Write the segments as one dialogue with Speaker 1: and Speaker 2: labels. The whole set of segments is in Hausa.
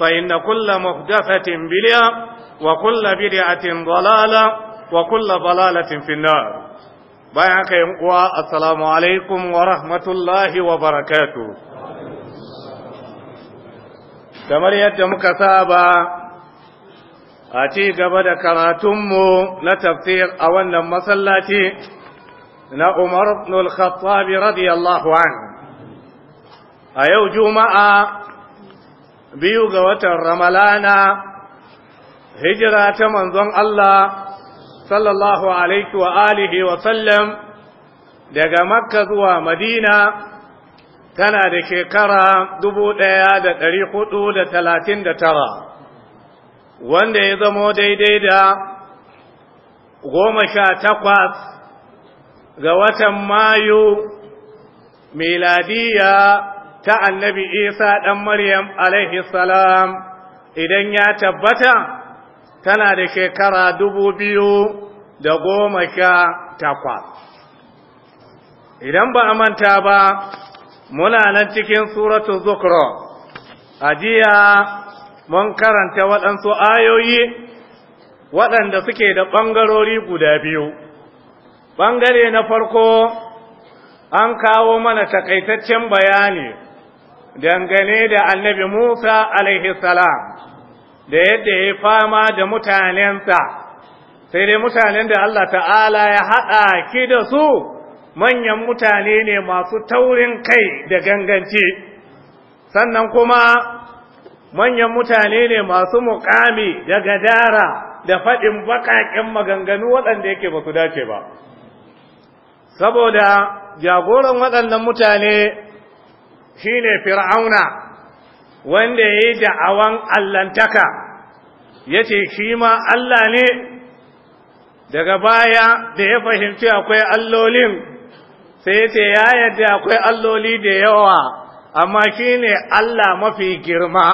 Speaker 1: فإن كل مخدفة بلع وكل بدعة ضلالة وكل ضلالة في النار بيعك يمقوا السلام عليكم ورحمة الله وبركاته تمرية مكتابة أتي قبل كراتم نتبتيق أولا مسلاتي نأمر بن الخطاب رضي الله عنه أيو جمعة biyu ga watan ramalana hijira ta manzon Allah sallallahu alaihi wa alihi wa sallam daga makka zuwa madina tana da shekara dubu ɗaya da ɗari hudu da talatin da tara wanda ya zamo daidai da goma sha takwas ga watan mayu miladiya ta annabi isa ɗan maryam alaihi salam idan ya tabbata tana da shekara dubu biyu da goma sha takwas idan ba a manta ba muna nan cikin suratu zukro a jiya mun karanta waɗansu ayoyi waɗanda suke da ɓangarori guda biyu ɓangare na farko an kawo mana takaitaccen bayani dangane da annabi Musa alaihi salam da yadda ya fama da mutanensa sai dai mutanen da Allah ta'ala ya haɗa ki da su manyan mutane ne masu taurin kai da ganganci sannan kuma manyan mutane ne masu muƙami da gadara da faɗin baƙaƙen maganganu waɗanda yake ba su dace ba saboda jagoran waɗannan mutane shine fir'auna wanda yayi da'awan allantaka yace shi ma Allah ne daga baya da ya fahimci akwai allolin sai yace ya yadda akwai alloli da yawa amma shi ne Allah mafi girma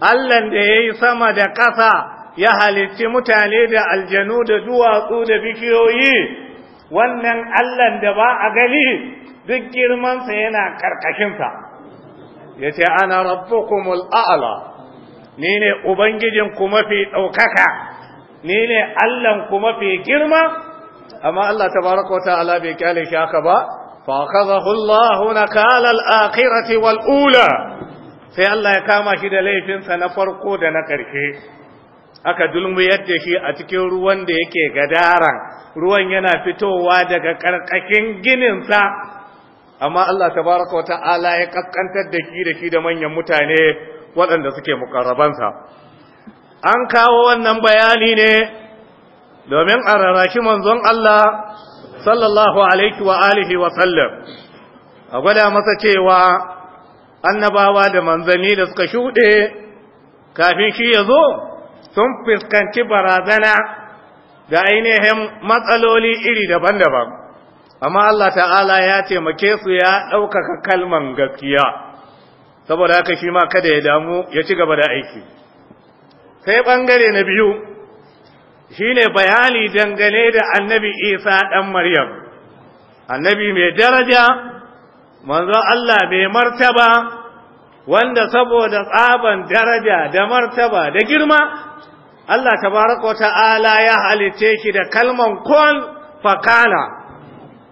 Speaker 1: Allahn da yayi sama da ƙasa ya halitti mutane da aljanu da duwatsu da bikiyoyi wannan allan da ba a gani duk girmansa yana karkashinsa ya ce ana rabbukumul a'la ni ne ubangijinku mafi ɗaukaka ni ne allahnku mafi girma amma allah tabaraka wa ta'ala bai kyale shi haka ba fa akhadahu allah nakala al-akhirati ula sai allah ya kama shi da laifinsa na farko da na ƙarshe. aka dulmuyar da shi a cikin ruwan da yake gadaran ruwan yana fitowa daga karkakin gininsa amma Allah tabaraka wata'ala ya kaskantar da shi da shi da manyan mutane waɗanda suke mukarrabansa an kawo wannan bayani ne domin a manzon Allah sallallahu alaihi wa alihi wa sallam a gwada masa cewa annabawa da manzanni da suka shuɗe kafin shi ya zo sun fuskanci barazana da ainihin matsaloli iri daban-daban amma Allah ta'ala ya taimake su ya ɗaukaka kalman gaskiya saboda haka shi ma kada ya damu ya ci gaba da aiki sai ɓangare na biyu shi ne bayani dangane da annabi isa ɗan maryam annabi mai daraja manzon Allah mai martaba wanda saboda tsaban daraja da martaba da girma Allah tabaraka wata'ala ya halitte ki da kalman kun fakana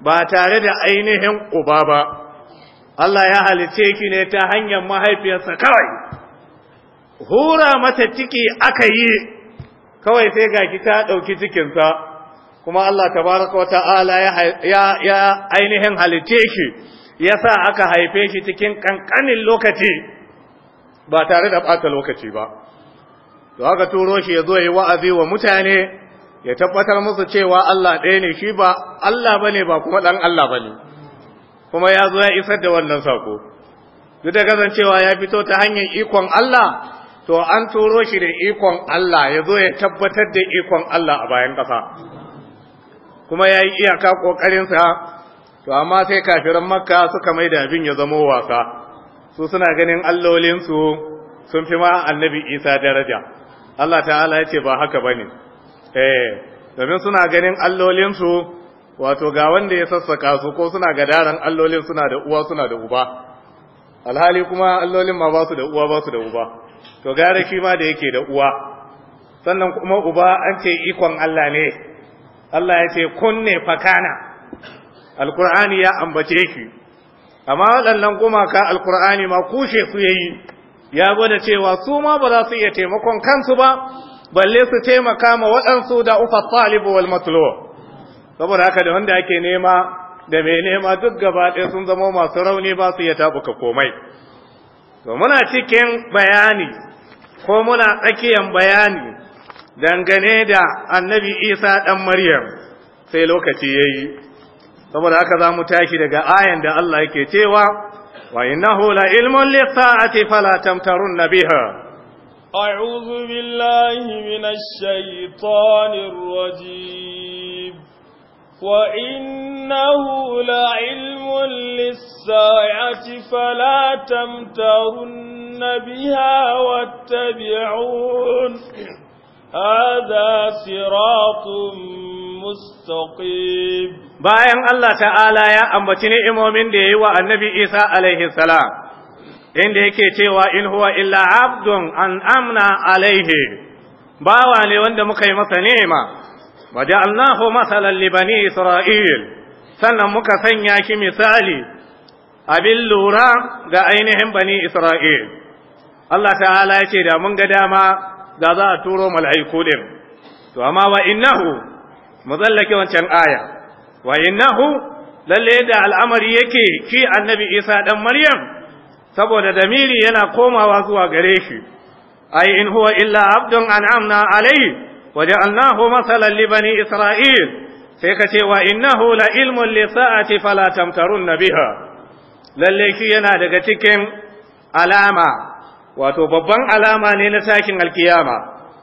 Speaker 1: ba tare da ainihin uba ba Allah ya halitte ki ne ta hanyar mahaifiyarsa kawai hura mata ciki aka yi kawai sai ga ki ta ɗauki cikinsa kuma Allah tabaraka wa ta'ala ya, ya, ainihin halitte shi ya sa aka haife shi cikin ƙanƙanin lokaci ba tare da ɓata lokaci ba to haka turo shi ya yi wa'azi wa mutane ya tabbatar musu cewa Allah ɗaya ne shi ba Allah bane ba kuma dan Allah bane kuma ya zo ya isar da wannan sako duk da kasancewa ya fito ta hanyar ikon Allah to an turo shi da ikon Allah ya zo ya tabbatar da ikon Allah a bayan ƙasa kuma ya yi iyaka ƙoƙarinsa to amma sai kafiran makka suka mai da abin ya zamo wasa su suna ganin allolinsu sun fi ma annabi isa daraja Allah ta'ala ya ce ba haka ba ne eh domin suna ganin allolinsu wato ga wanda ya sassaka su ko suna ga daren allolin suna da uwa suna da uba alhali kuma allolin ma ba su da uwa ba su da uba to gare shi ma da yake da uwa sannan kuma uba an ce ikon Allah ne Allah ya ce kunne fakana alkur'ani ya ambace shi amma waɗannan gumaka alkur'ani ma kushe su yayi ya gwada cewa su ma ba za su iya taimakon kansu ba balle su taimaka ma waɗansu da ufa talibu wal matlo saboda haka da wanda ake nema da mai nema duk gaba ɗaya sun zama masu rauni ba su iya tabuka komai to muna cikin bayani ko muna tsakiyan bayani dangane da annabi isa ɗan maryam sai lokaci ya yi saboda haka za mu tashi daga ayan da allah yake cewa وإنه لعلم للطاعة فلا تمترن بها
Speaker 2: أعوذ بالله من الشيطان الرجيم وإنه لعلم للساعة فلا تمترن بها واتبعون هذا صراط
Speaker 1: mustaqim bayan Allah ta'ala ya ambaci ni'imomin da yayi wa annabi Isa alaihi salam inda yake cewa in huwa illa abdun an amna alaihi bawa ne wanda muka yi masa nema. wa ja'alnahu masalan li bani isra'il sannan muka sanya shi misali abin lura ga ainihin bani isra'il Allah ta'ala ya da mun ga dama da za a turo mala'iku din to amma wa innahu mu wancan aya wa innahu lalle da al'amari yake ci annabi isa dan maryam saboda damiri yana komawa zuwa gare shi ai in huwa illa abdun an'amna alayhi wa ja'alnahu masalan li bani isra'il sai ka ce wa innahu la ilmun li sa'ati fala tamtarunna biha lalle shi yana daga cikin alama wato babban alama ne na sakin alkiyama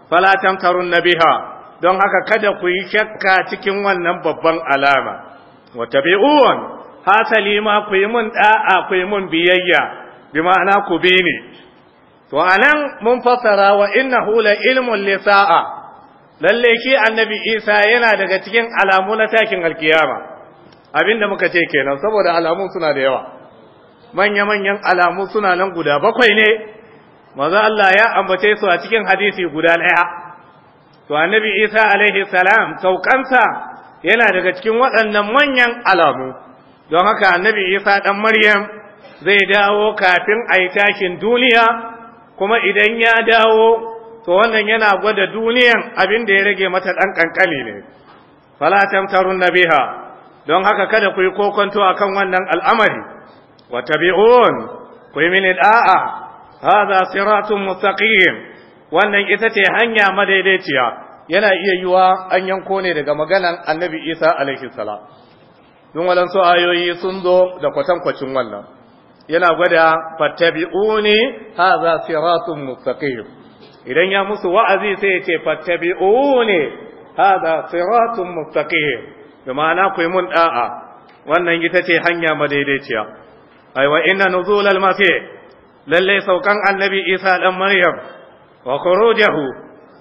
Speaker 1: fala tamtarunna biha don haka kada ku yi shakka cikin wannan babban alama wa tabi'un hasali ma ku yi mun da'a ku yi mun biyayya bi ma'ana ku bi ni to anan mun fassara wa innahu la ilmun lisa'a, lalle ki annabi Isa yana daga cikin alamu na takin alkiyama abinda muka ce kenan saboda alamun suna da yawa manya manyan alamu suna nan guda bakwai ne maza Allah ya ambace su a cikin hadisi guda daya to annabi isa alaihi salam saukansa yana daga cikin waɗannan manyan alamu don haka annabi isa ɗan maryam zai dawo kafin a yi takin duniya kuma idan ya dawo to wannan yana gwada duniyan abin da ya rage mata ɗan ƙanƙani ne fala tamtarun nabiha don haka kada ku yi kokonto akan wannan al'amari wa tabi'un ku yi mini da'a siratun mustaqim wannan ita ce hanya madaidaiciya yana iya yiwa an yanko ne daga maganan annabi isa alaihi salam don waɗansu ayoyi sun zo da kwatankwacin wannan yana gwada fattabi'uni haza siratun mustaqim idan ya musu wa'azi sai ya ce fattabi'uni haza siratun mustaqim Da ma'ana ku yi mun da'a wannan ita ce hanya madaidaiciya ai wa inna nuzulal masih lalle saukan annabi isa dan maryam wa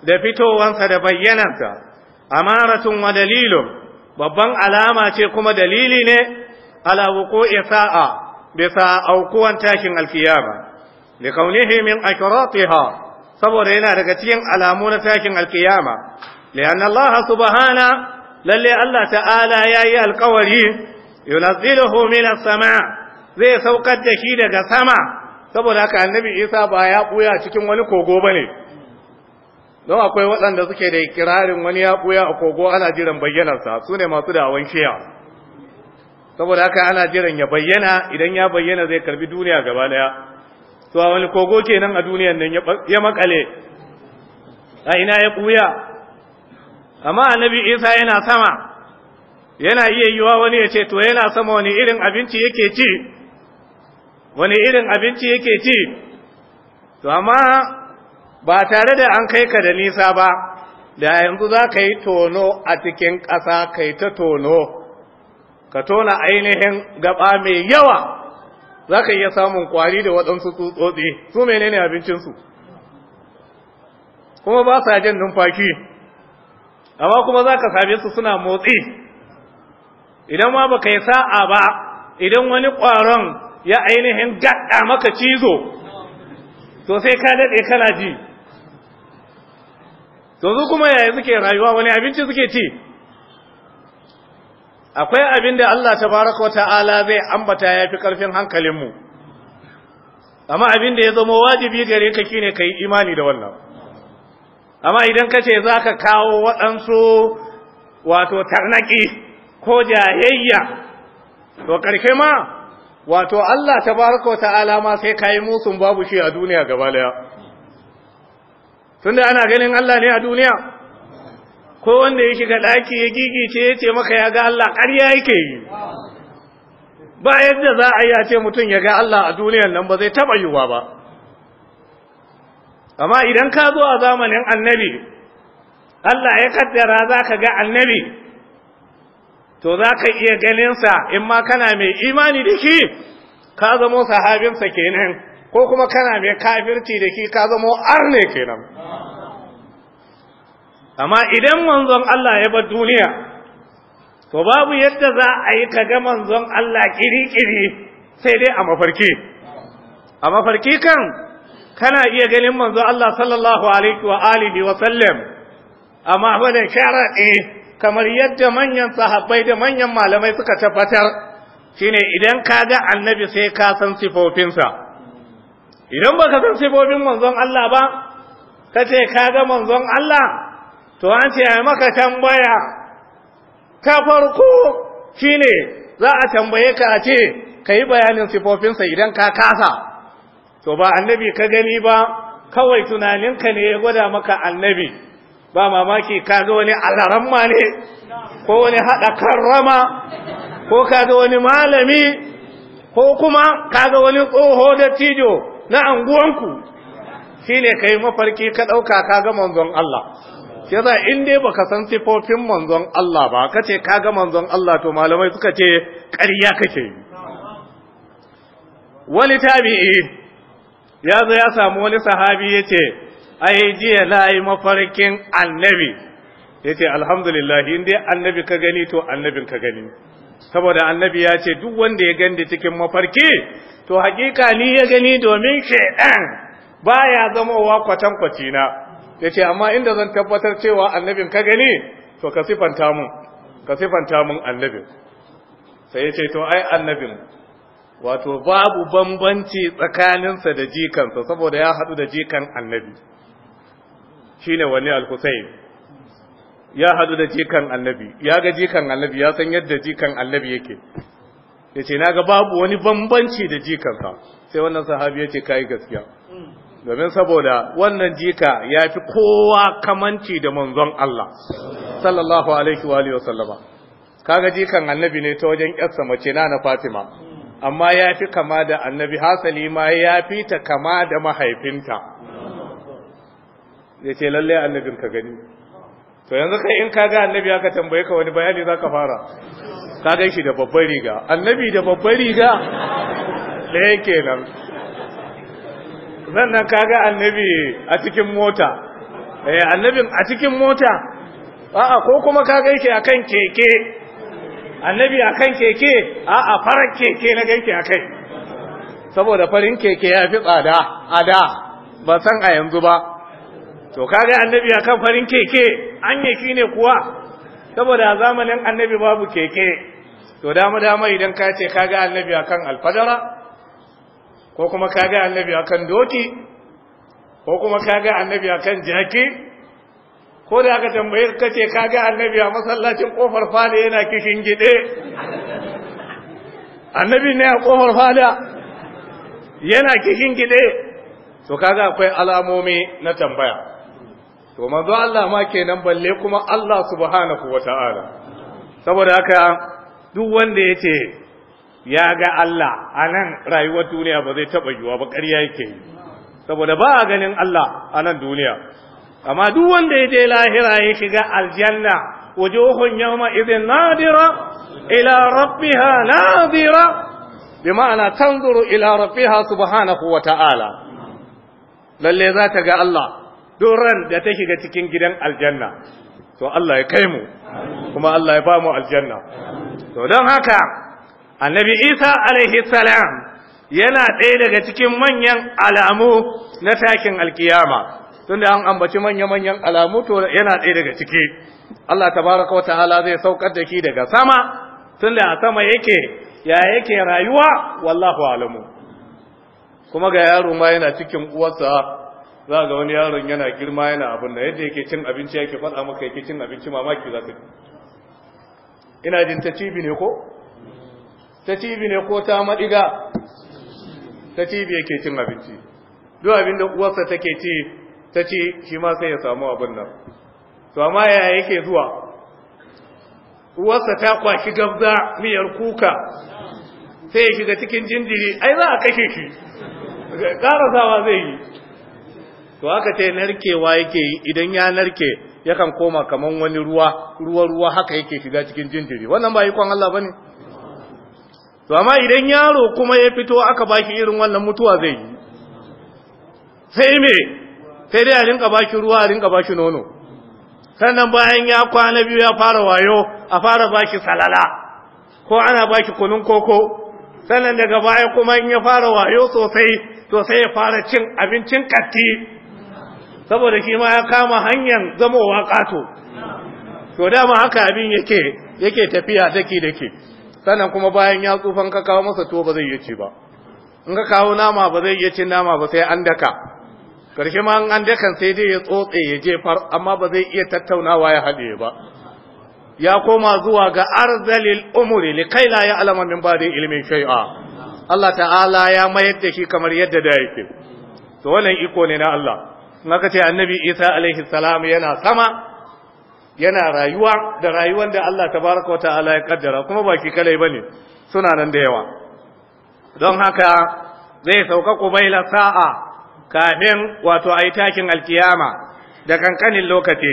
Speaker 1: da fitowansa da bayyanansa amaratun wa dalilun babban alama ce kuma dalili ne ala wuqu'i sa'a bisa aukuwan tashin alkiyama li kaunihi min akratiha saboda yana daga cikin alamu na tashin alkiyama li anna Allah subhana lalle Allah ta'ala yayi alkawari yunazziluhu min as-sama' zai saukar da shi daga sama saboda haka annabi isa ba ya ɓuya cikin wani kogo ba ne don akwai waɗanda suke da ikirarin wani ya ɓuya a kogo ana jiran bayyanarsa su ne masu awon shiya saboda haka ana jiran ya bayyana idan ya bayyana zai karbi duniya gaba daya to a wani kogo kenan a duniyan nan ya makale a ina ya ɓuya amma annabi isa yana sama yana iya yiwa wani ya ce to yana sama wani irin abinci yake ci wani irin abinci yake ci to amma ba tare da an kai ka da nisa ba da yanzu za ka yi tono a cikin ƙasa ka ta tono ka tona ainihin gaba mai yawa za ka iya samun kwari da waɗansu tsutsotsi su menene abincinsu kuma ba sa jin numfashi amma kuma za ka same su suna motsi idan ma ba ka yi sa'a ba idan wani ƙwaron ya ainihin gaɗa maka cizo to sai ka daɗe kana ji to su kuma yaya suke rayuwa wani abinci suke ci akwai abin da Allah ta baraka wa ta'ala zai ambata ya fi ƙarfin hankalinmu amma abin da ya zama wajibi gare ka ne ka yi imani da wannan amma idan ka ce za ka kawo waɗansu wato tarnaki ko jayayya to ƙarshe ma wato Allah ta tabaraka ta'ala ma sai yi musun babu shi a duniya gaba daya tunda ana ganin Allah ne a duniya ko wanda ya shiga daki ya gigice ya ce maka ya ga Allah ƙarya yake yi ba yadda za a yi a ce mutum ya ga Allah a duniyan nan ba zai taɓa yiwuwa ba amma idan ka zo a zamanin annabi Allah ya kaddara za ka ga annabi to za ka iya ganinsa in ma kana mai imani da shi ka zamo sahabinsa kenan ko kuma kana mai kafirci da shi ka zamo arne kenan amma idan manzon Allah ya bar duniya to babu yadda za a yi ka ga manzon Allah kiri-kiri sai dai a mafarki a mafarki kan kana iya ganin manzon Allah sallallahu alaihi wa alihi wa sallam amma wannan da kamar yadda manyan sahabbai da manyan malamai suka tabbatar shine idan ka ga annabi sai ka san sifofinsa idan baka san sifofin manzon Allah ba ka ce ka ga manzon Allah to an ce ai maka tambaya ta farko shine za a tambaye ka a ce ka yi bayanin sifofinsa idan ka kasa to ba annabi ka gani ba kawai tunaninka ne ya gwada maka annabi ba mamaki ka ga wani alaramma ne ko wani haɗa karrama ko ka ga wani malami ko kuma ka ga wani tsoho da tijo na anguwanku shi ne ka yi mafarki ka ɗauka ka ga manzon Allah shi yasa in dai baka san sifofin manzon Allah ba ka ce ka ga manzon Allah to malamai suka ce ƙarya kake yi wani tabi'i ya zo ya samu wani sahabi ya ce ai jiya na yi mafarkin annabi ya ce alhamdulillah in annabi ka gani to annabin ka gani saboda annabi ya ce duk wanda ya gani cikin mafarki to hakika ni ya gani domin shaidan baya zamowa kwatankwaci na ya ce amma inda zan tabbatar cewa annabin ka gani to ka sifanta mun ka sifanta mun annabin sai ya ce to ai annabin wato babu bambanci tsakaninsa da jikansa saboda ya haɗu da jikan annabi shine wani al-Husayn ya hadu da jikan annabi ya ga jikan annabi ya san yadda jikan annabi yake yace naga babu wani bambanci da jikansa sai wannan sahabi yace kai gaskiya domin saboda wannan jika ya fi kowa kamanci da manzon Allah sallallahu alaihi wa alihi wasallama kaga jikan annabi ne ta wajen yarsa mace na na Fatima amma ya fi kama da annabi hasali ma ya fi ta kama da mahaifinta ya ce lalle annabin ka gani to yanzu kai in ka ga annabi aka tambaye ka wani bayani za ka fara ka gan shi da babbar riga annabi da babbar riga yake kenan sannan ka ga annabi a cikin mota eh annabin a cikin mota a'a ko kuma ka gan shi akan keke annabi akan keke a'a farar keke na gan shi akai saboda farin keke ya fi tsada a da ba san a yanzu ba to kaga annabi akan farin keke an shi ne kuwa saboda zamanin annabi babu keke to dama dama idan ka ce kaga annabi akan alfadara ko kuma kaga annabi akan doki ko kuma kaga annabi akan jaki ko da aka tambaye ka ce kaga annabi a masallacin kofar fada yana kishin gide annabi ne a kofar fada yana kishin gide to kaga akwai alamomi na tambaya to manzo Allah ma kenan balle kuma Allah subhanahu wata'ala saboda haka duk wanda yace ya ga Allah a nan rayuwar duniya ba zai taba yiwa ba ƙarya yake yi saboda ba a ganin Allah a nan duniya amma duk wanda ya je lahira ya shiga aljanna wujuhun yawma idhin nadira ila rabbiha nadira bima'ana tanzuru ila rabbiha subhanahu wata'ala lalle za ta ga Allah duran da ta shiga cikin gidan aljanna to Allah ya kai mu kuma Allah ya ba mu aljanna to don haka annabi Isa alaihi salam yana ɗaya daga cikin manyan alamu na takin alkiyama tunda an ambaci manya-manyan alamu to yana ɗaya daga ciki Allah tabaraka wa ta'ala zai saukar da shi daga sama tunda a sama yake ya yake rayuwa wallahu alamu kuma ga yaro ma yana cikin uwarsa za ga wani yaron yana girma yana abin da yadda yake cin abinci yake faɗa maka yake cin abinci mamaki za ka ina jin ta cibi ne ko ta cibi ne ko ta maɗiga ta cibi yake cin abinci duk abin da uwarsa take ci ta ci shi ma sai ya samu abin nan to amma yaya yake zuwa uwarsa ta kwashi gabza miyar kuka sai ya shiga cikin jinjiri ai za a kashe shi ƙarasawa zai yi to haka sai narkewa yake yi idan ya narke yakan koma kaman wani ruwa ruwa ruwa haka yake shiga cikin jinjiri wannan ba ikon Allah bane to amma idan yaro kuma ya fito aka baki irin wannan mutuwa zai yi sai me sai dai a rinka baki ruwa a rinka baki nono sannan bayan ya kwana biyu ya fara wayo a fara baki salala ko ana baki kunun koko sannan daga baya kuma in ya fara wayo sosai to sai ya fara cin abincin katti saboda shi ma ya kama hanyar zamowa ƙato to dama haka abin yake yake tafiya daki daki sannan kuma bayan ya tsufan ka kawo masa tuwo ba zai iya ci ba in ka kawo nama ba zai iya cin nama ba sai an daka karshe ma an dakan sai dai ya tsotse ya je jefar amma ba zai iya tattaunawa ya haɗe ba ya koma zuwa ga arzalil umuri kai la ya alama min ba da ilimin shai'a Allah ta'ala ya mayar da shi kamar yadda da yake to wannan iko ne na Allah maka ce annabi isa alaihi salam yana sama yana rayuwa da rayuwar da Allah tabaraka wata'ala ya kaddara kuma baki kalai bane suna nan da yawa don haka zai sauka kubaila sa'a kafin wato ayi takin alkiyama da kankanin lokaci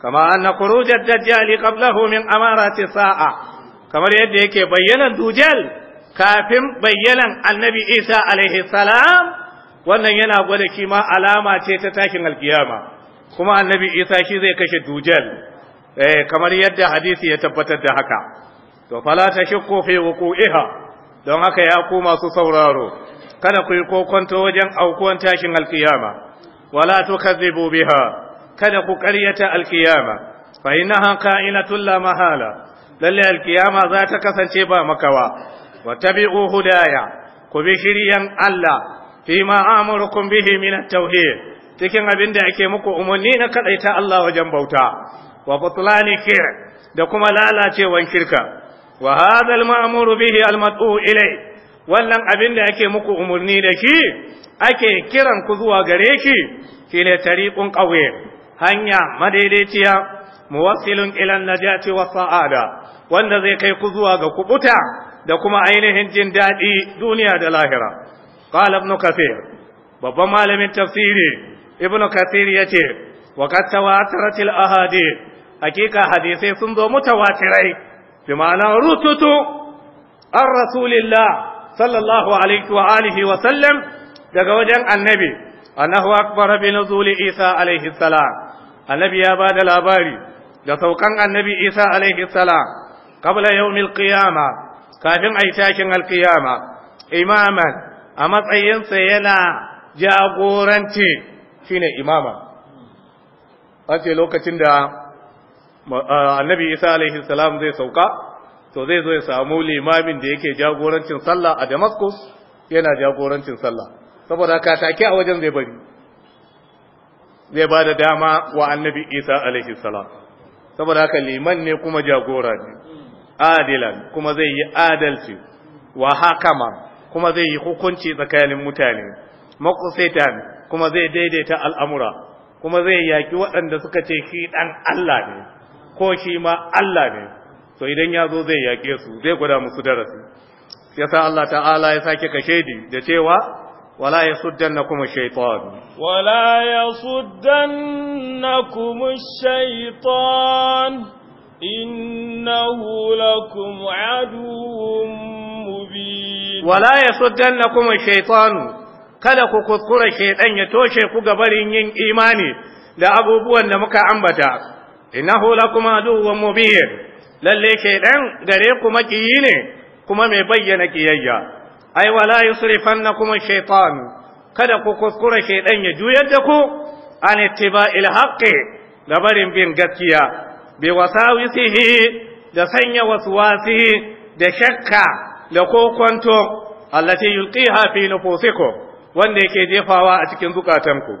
Speaker 1: kama anna ad dajjali qablahu min amarati sa'a kamar yadda yake bayyana dujal kafin bayyana annabi isa alaihi salam wannan yana gwada kima alama ce ta takin alkiyama kuma annabi isa shi zai kashe dujal eh kamar yadda hadisi ya tabbatar da haka to fala tashakku fi wuqu'iha don haka ya ku masu sauraro kada ku yi kokonto wajen aukuwan tashin alkiyama wala tukazzibu biha kada ku ƙaryata alkiyama fa innaha ka'inatul la mahala lalle alkiyama za ta kasance ba makawa wa tabi'u hudaya ku bi shiriyan Allah fi ma bihi min tauhid cikin abin da ake muku umarni na kadaita Allah wajen bauta wa butlani da kuma lalacewan kirka wa hadha al bihi al-mad'u ilay wannan abin da ake muku umarni da shi ake kiran ku zuwa gare shi shine tariqun ƙauye, hanya madaidaiciya muwassilun ila an-najati wa sa'ada wanda zai kai ku zuwa ga kubuta da kuma ainihin jin daɗi duniya da lahira qala ibn kathir babban malamin tafsiri ibn kathir yace wa qad tawatarat al ahadith hakika hadisai sun zo mutawatirai bi ma'ana rututu an rasulillah sallallahu alaihi wa alihi wa sallam daga wajen annabi annahu akbar bi nuzuli isa alaihi salam annabi ya bada labari da saukan annabi isa alaihi salam qabla yawmil qiyama kafin ai takin alkiyama. imaman a matsayinsa yana jagoranci shi ne imama an ce lokacin da annabi isa alaihi salam zai sauka to zai zo ya samu limamin da yake jagorancin sallah a damascus yana jagorancin sallah saboda ka take a wajen zai bari zai ba da dama wa annabi isa alaihi salam saboda haka liman ne kuma jagora ne adilan kuma zai yi adalci wa hakama kuma zai yi hukunci tsakanin mutane makusitan kuma zai daidaita al'amura kuma zai yaƙi waɗanda suka ce shi ɗan Allah ne ko shi ma Allah ne so idan ya zo zai yaƙe su zai gwada musu darasi yasa Allah ta'ala ya sake ka di da cewa ولا يصدنكم الشيطان
Speaker 2: kuma shaitan, inna إنه لكم عدو مبين wala
Speaker 1: yasuddannakum kuma shaitanu? kada ku kuskura shaytan ya toshe ku barin yin imani da abubuwan da muka ambata innahu lakum aduwwun mubin lalle shaytan gare ku makiyi ne kuma mai bayyana kiyayya ai wala yusrifannakum kuma shaytanu kada ku kuskura shaytan ya juyar da ku an ittiba'il haqqi gabarin bin gaskiya bi wasawisihi da sanya waswasi da shakka da ko kwanto allati yulqiha fi nufusikum wanda yake jefawa a cikin zukatanku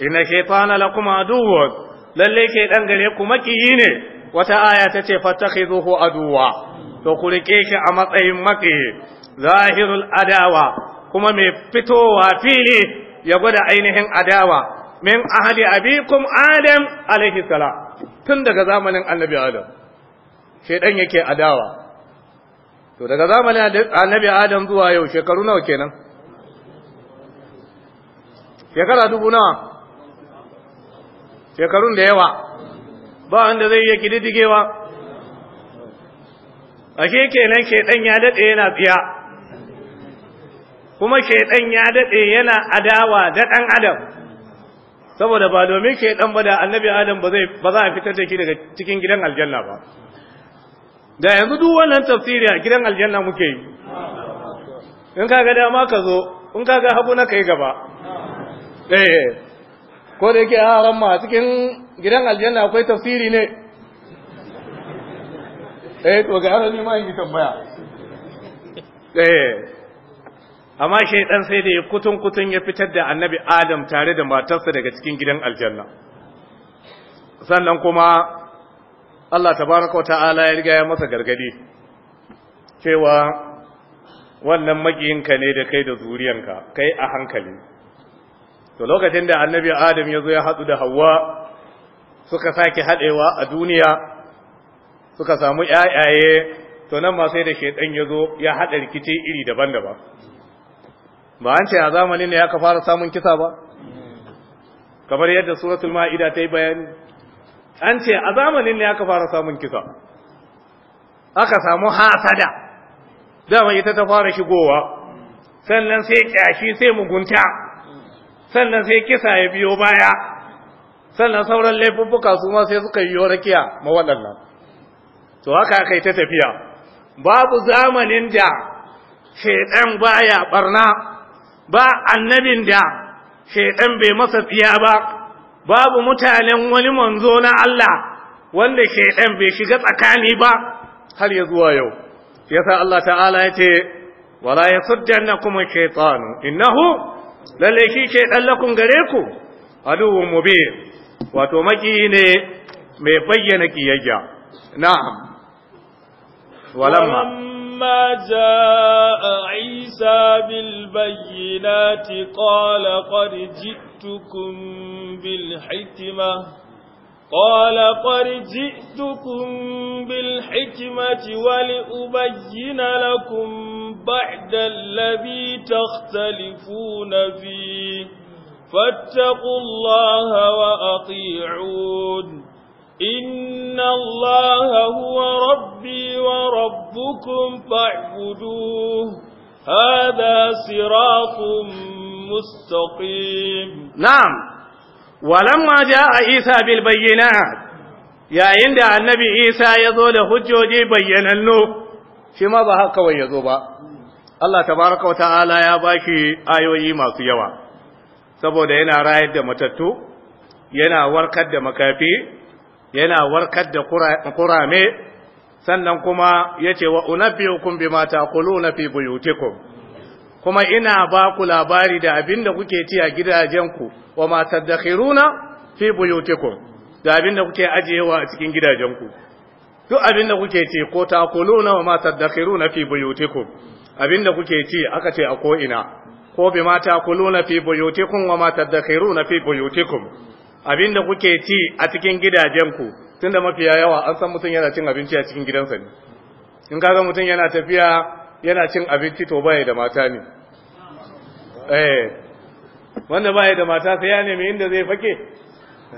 Speaker 1: inna shaytana lakum aduwwun lalle ke dan gare ku makiyi ne wata aya ta ce fattakhizuhu aduwa to ku rike shi a matsayin makiyi zahirul adawa kuma mai fitowa fili ya gwada ainihin adawa min ahli abikum adam alaihi salam tun daga zamanin annabi adam shedan yake adawa to daga zamanin annabi adam zuwa yau shekaru nawa kenan shekara dubu nawa shekarun da yawa ba wanda zai iya kididdigewa ashe kenan shedan ya daɗe yana tsiya kuma shedan ya daɗe yana adawa da ɗan adam saboda ba domin shedan ba da annabi adam ba za a fitar da shi daga cikin gidan aljanna ba da yanzu duk wannan tafsiri a gidan aljanna muke yi in kaga dama ka zo in kaga hagu na kai gaba eh ko da yake a ma cikin gidan aljanna akwai tafsiri ne eh to ga harami ma yi tambaya eh amma shaydan sai da ya kutun kutun ya fitar da annabi adam tare da matarsa daga cikin gidan aljanna sannan kuma Allah tabaraka ta'ala ya riga ya masa gargadi cewa wannan makiyinka ne da kai da zuriyanka kai a hankali to lokacin da annabi adam ya zo ya hadu da hawa suka sake hadewa a duniya suka samu yayaye to nan ma sai da shedan ya zo ya hada rikici iri daban-daban ba an ce a zamanin ne ya ka fara samun kisa ba kamar yadda suratul ma'ida ta yi bayani an ce a zamanin ne aka fara samun kisa aka samu hasada dama ita ta fara shigowa sannan sai kyashi sai mugunta sannan sai kisa ya biyo baya sannan sauran laifuffuka su ma sai suka yi rakiya ma waɗannan to haka kai ta tafiya babu zamanin da shaidan baya ɓarna, ba annabin da shaidan bai masa tsiya ba babu mutanen wani manzo na Allah wanda shaidan bai shiga tsakani ba har ya zuwa yau yasa Allah ta'ala ya ce wala yasuddannakum tsanu. innahu lalle shi ɗan lakum gare ku aduwwun mubi wato maki ne mai bayyana kiyayya na'am walamma
Speaker 2: لما جاء عيسى بالبينات قال قد جئتكم بالحكمة قال قد جئتكم بالحكمة ولأبين لكم بعد الذي تختلفون فيه فاتقوا الله وأطيعون إن الله hada ربي وربكم فاعبدوه
Speaker 1: هذا
Speaker 2: صراط مستقيم
Speaker 1: نعم ولما جاء عيسى بالبينات يا عند النبي عيسى يزول حجوجي بيننه شما ba haka yazo ba Allah tabaraka wataala ya baki ayoyi masu yawa saboda yana rayar da matattu yana warkar da makafi yana warkar da kurame sannan kuma yace wa mata bima taquluna fi buyutikum kuma ina ba ku labari da abin da kuke ci a gidajenku wa ma tadakhiruna fi buyutikum da abin da kuke ajiyewa a cikin gidajenku duk abin da kuke ci ko taquluna wa ma tadakhiruna fi buyutikum abin da kuke ci aka ce a ko ina ko bima taquluna fi buyutikum wa ma tadakhiruna fi buyutikum abin da kuke ci a cikin gidajenku tun da mafiya yawa an san mutum yana cin abinci a cikin gidansa ne in kaga mutum yana tafiya yana cin abinci to baya da mata ne eh wanda baya da mata sai ya nemi inda zai fake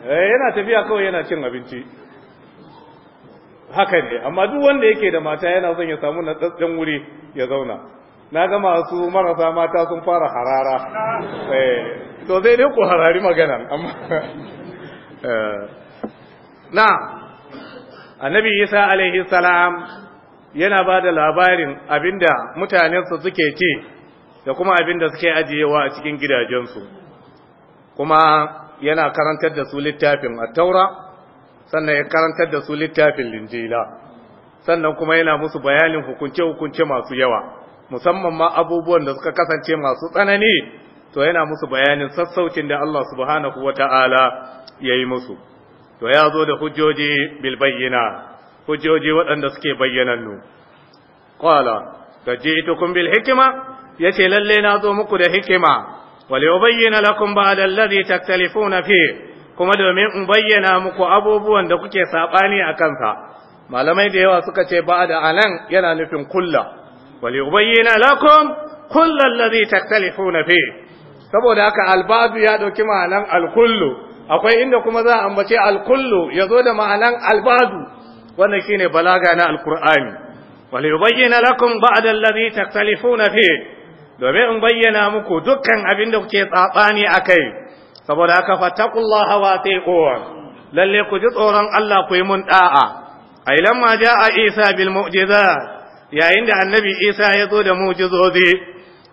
Speaker 1: eh yana tafiya kawai yana cin abinci haka ne amma duk wanda yake da mata yana son ya samu natsatsen wuri ya zauna na ga masu marasa mata sun fara harara eh to zai dai ku harari magana amma Eh, na annabi isa alaihi salam yana ba da labarin abinda mutanensa suke ce da kuma abinda suke ajiyewa a cikin gidajensu kuma yana karantar da su littafin attaura sannan ya karantar da su littafin linjila sannan kuma yana musu bayanin hukunce-hukunce masu yawa musamman ma abubuwan da suka kasance masu tsanani to yana musu bayanin sassaucin da Allah subhanahu wata'ala yayi musu to ya zo da hujjoji bil bayyina hujjoji waɗanda suke bayyanannu qala tajitukum bil hikma yace lalle na zo muku da hikima wal yubayyana lakum ba'da alladhi taktalifuna fi kuma domin in bayyana muku abubuwan da kuke sabani a kansa malamai da yawa suka ce ba da anan yana nufin kulla wal yubayyana lakum kullal ladhi taktalifuna fi saboda haka albabu ya ɗauki ma'anan alkullu akwai inda kuma za a ambace alkullu yazo da ma'anan albadu wannan shine balaga na alkur'ani wal yubayyana lakum ba'da allazi takhtalifuna fi domin in bayyana muku dukkan abin da kuke tsatsani akai saboda haka fattaqullaha wa atiqun lalle ku ji tsoron Allah ku yi mun da'a ai lamma ja'a Isa bil mu'jizat yayin da annabi Isa ya zo da mu'jizozi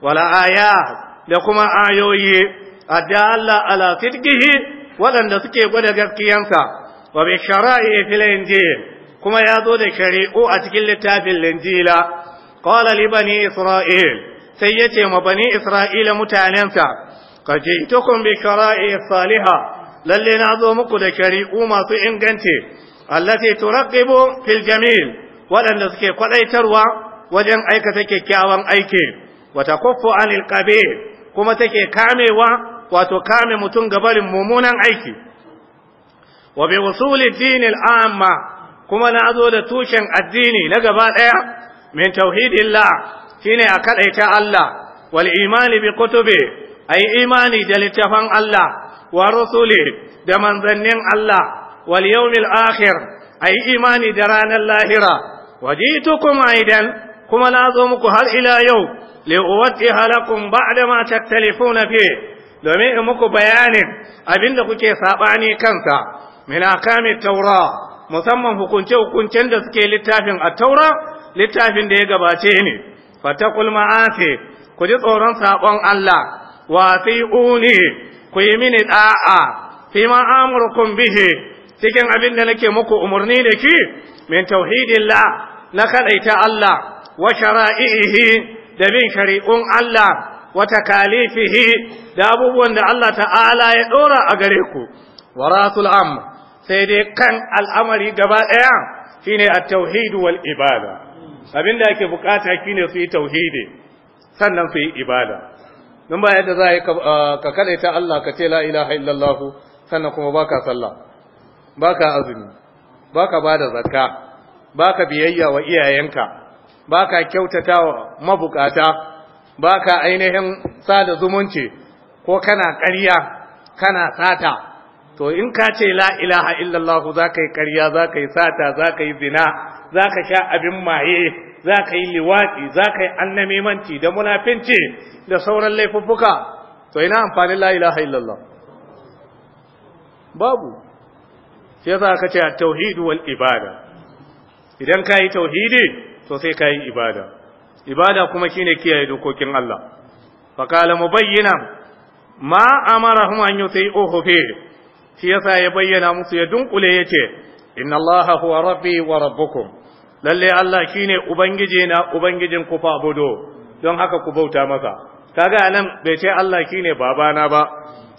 Speaker 1: wala ayat da kuma ayoyi adalla ala sidqihi waɗanda suke gwada gaskiyansa wa bi shara'i fil injil kuma ya zo da shari'u a cikin littafin linjila qala li bani isra'il sai yace ma bani isra'ila mutanensa ka jitukum bi shara'i Saliha. lalle na zo muku da shari'u masu inganci التي ترغب في الجميل Waɗanda suke kwaɗaitarwa wajen aikata kyakkyawan aiki. أيك وتكف عن القبيل kuma take kamewa wato kame mutum gabarin mummunan aiki wa bi usuli amma kuma na zo da tushen addini na gaba ɗaya min tauhidillah shine a kaɗaita Allah wal imani bi kutube ai imani da littafan Allah wa rusuli da manzannin Allah wal yawmil akhir ai imani da ranar lahira wajitukum aidan kuma na zo muku har ila yau li'uwaddiha lakum ba'da ma taktalifuna fi domin in muku bayanin abinda kuke sabani kansa min akami taura musamman hukunce hukuncen da suke littafin at-taura littafin da ya gabace ne fatakul ku ji tsoron sabon Allah wa uni ku yi mini da'a fi ma bihi cikin abin da nake muku umarni da ki min tauhidillah na kadaita Allah wa shara'ihi da bin shari'un Allah wa takalifihi da abubuwan da Allah ta'ala ya dora a gare ku warasul am sai dai kan al'amari gaba daya shine at-tauhid wal ibada da ake bukata shine su yi tauhidi sannan su yi ibada Nan ba yadda za ka kadaita Allah ka ce la ilaha illallah sannan kuma baka sallah baka azumi baka bada zakka baka biyayya wa iyayenka baka kyautatawa mabukata baka ainihin sada zumunci ko kana ƙarya kana sata to in ka ce la ilaha illallah za ka yi ƙarya za ka yi sata za ka yi zina za ka sha abin maye za ka yi liwaɗi za ka yi annamimanci da munafinci da sauran laifuffuka to ina amfanin la ilaha illallah babu sai za ka ce tauhidu wal ibada idan ka yi tauhidi to sai ka yi ibada ibada kuma shine kiyaye dokokin Allah fa mu bayyana ma amarahum an sai fi shi yasa ya bayyana musu ya dunkule yace inna Allah huwa rabbi wa rabbukum lalle Allah shine ubangije na ubangijin ku fa don haka ku bauta masa kaga anan bai ce Allah shine babana ba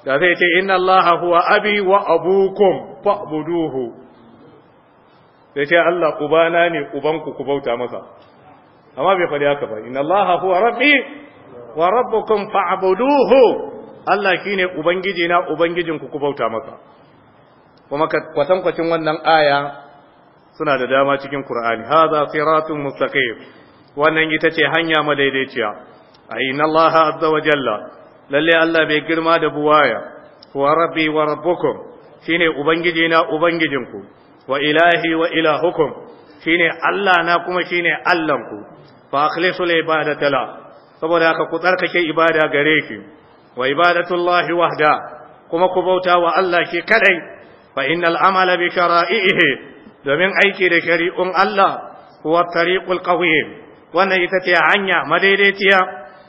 Speaker 1: da zai ce inna Allah huwa abi wa abukum fa sai ce Allah ubana ne ubanku ku bauta masa amma bai faɗi haka ba inna Allah huwa rabbi wa rabbukum fa'buduhu Allah shine ubangiji na ubangijin ku ku bauta masa kuma kwatan kwacin wannan aya suna da dama cikin Qur'ani hadha siratun mustaqim wannan ita ce hanya madaidaiciya inna Allah azza wa jalla lalle Allah bai girma da buwaya wa rabbi wa rabbukum shine ubangiji na ubangijin ku. wa ilahi wa ilahukum shine Allah na kuma shine Allahnku fa akhlisu li ibadatala saboda haka ku tsarkake ibada gare shi wa ibadatullahi wahda kuma ku bauta wa Allah ke kadai fa innal amala bi shara'ihi domin aiki da shari'un Allah huwa tariqul qawim wannan ita ce hanya madaidaiciya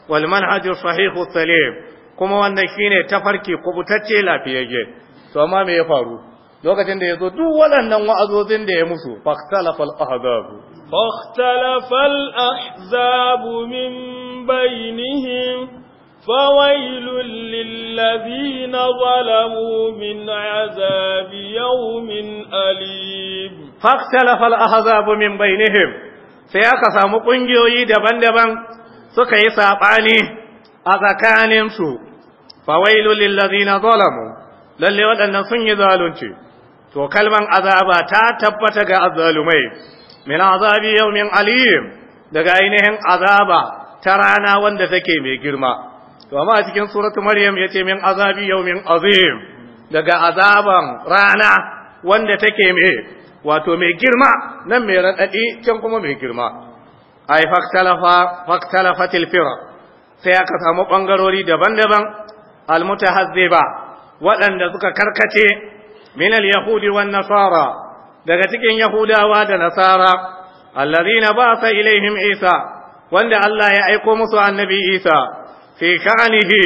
Speaker 1: wal manhaju sahihu salim kuma wannan shine tafarki kubutacce lafiyayye to amma me ya faru lokacin da ya zo duk waɗannan wa'azozin da ya musu faktalafal ahzabu
Speaker 2: faktalafal ahzabu min bainihim fawailul na zalamu min azabi yawmin alim
Speaker 1: faktalafal ahzabu min bainihim sai aka samu ƙungiyoyi daban-daban suka yi saɓani a tsakaninsu fawailul na zalamu lalle waɗannan sun yi zalunci to kalman azaba ta tabbata ga azzalumai min azabi yawmin alim daga ainihin azaba ta rana wanda take mai girma to amma a cikin suratu maryam yace min azabi yawmin azim daga azaban rana wanda take mai wato mai girma nan mai radadi can kuma mai girma ai faktalafa faktalafatil fira sai aka samu bangarori daban-daban almutahazziba waɗanda suka karkace Minal al-yahudi wan nasara daga cikin yahudawa da nasara ba ba'atha ilaihim isa wanda Allah ya aiko musu annabi isa fi ka'anihi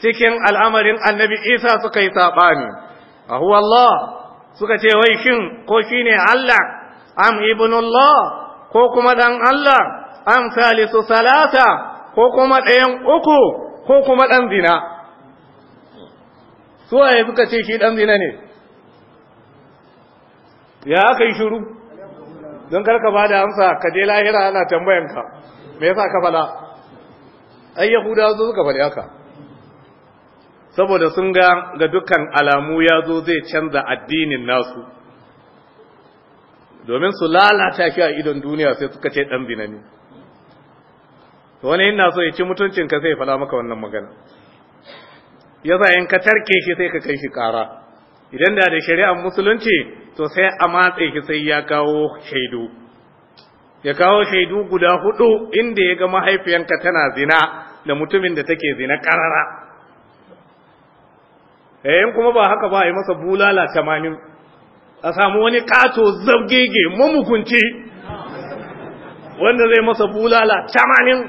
Speaker 1: cikin al'amarin annabi isa suka yi sabani a Allah suka ce wai shin ko shine Allah am ibnullah ko kuma dan Allah an salisu Salasa ko kuma ɗayan uku ko kuma ɗan zina suwaye suka ce shi ɗan zina ne ya aka yi shuru don karka ba da amsa ka je lahira ana tambayanka me yasa ka fada ai huda zo suka faɗi haka saboda sun ga ga dukkan alamu ya zo zai canza addinin nasu domin su lalata shi a idon duniya sai suka ce ɗan binani, wani ina so ya ci mutuncinka zai fada maka wannan magana yasa in ka tarke shi sai ka kai shi kara idan da da shari'ar musulunci to sai a matse ki sai ya kawo shaidu ya kawo shaidu guda hudu inda ya ga mahaifiyanka tana zina da mutumin da take zina karara eh, in kuma ba haka ba a yi masa bulala tamanin a samu wani kato zabgege mamukunci wanda zai masa bulala tamanin